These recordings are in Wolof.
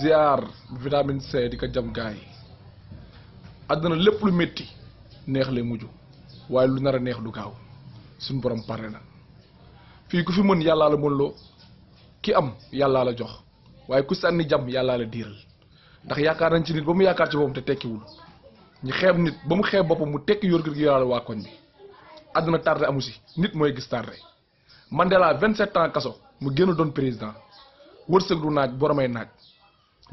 ziar vitamine C di ko jam gaay àddina lépp lu metti neex lay mujj waaye lu nar a neex du gaaw suñ borom pare na fii ku fi mën yàllaa la mën loo ki am yàllaa la jox waaye ku sànni jam yàllaa la diiral ndax yaakaar nañ ci nit ba mu yaakaar ci boppam te tekkiwul ñu xeeb nit ba mu xeeb boppam mu tekki yor gi yàlla waa koñ bi àdduna tardé amu si nit mooy gis tardé Mandela 27 ans kaso mu génn doon président wërsëg du naaj boromay naaj.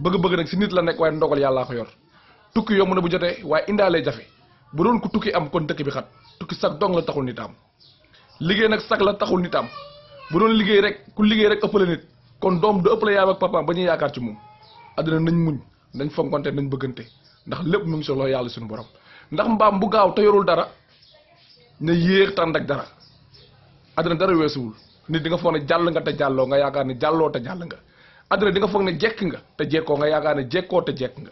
bëgg-bëgg nag si nit la nekk waaye ndogal yàllaa ko yor tukki yomb na bu jotee waaye jafe bu doon ku tukki am kon dëkk bi xat tukki sag dong la taxul nit am liggéey nag sag la taxul nit am bu doon liggéey rek ku liggéey rek ëppale nit kon doom du ëppale yaay ak papa ba ñuy yaakaar ci moom àddina nañ muñ nañ fonkante nañ bëggante ndax lépp mu ngi solo yàlla suñu borom ndax mbaam bu gaaw te yorul dara ne yéex tànd ak dara àddina dara weesuwul nit di nga nga te jàlloo nga yaakaar ne jàlloo te jàll nga àddina di nga foog ne jekk nga te jekkoo nga yaakaar ne jekkoo te jekk nga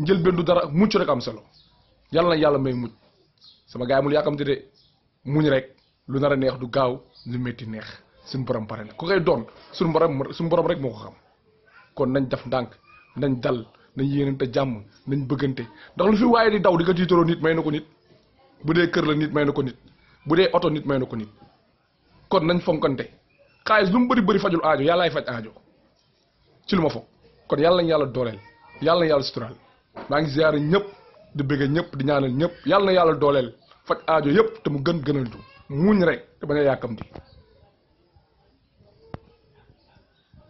njëlbeen du dara mucc rek am solo yàlla na yàlla may mucc sama gars yi amul yàkkamti de muñ rek lu nar a neex du gaaw lu métti neex suñu borom pare na ko koy doon suñu borom suñ borom rek moo ko xam kon nañ def ndànk nañ dal nañ yéenante jàmm nañ bëggante ndax lu fi waaye di daw di nga tiitaroo nit may na ko nit bu dee kër la nit may na ko nit bu dee oto nit may na ko nit kon nañ fonkante xaalis lu mu bëri bëri fajul aajo yàllaay faj aajo. ci lu ma foog kon yàlla nañu yàlla dooleel yàlla na yàlla suturaal maa ngi ziare ñëpp di bëgg ñëpp di ñaanal ñëpp yàlla na yàlla dooleel faj aajo yëpp te mu gën gënal du muñ rek te bañ a yàkkamti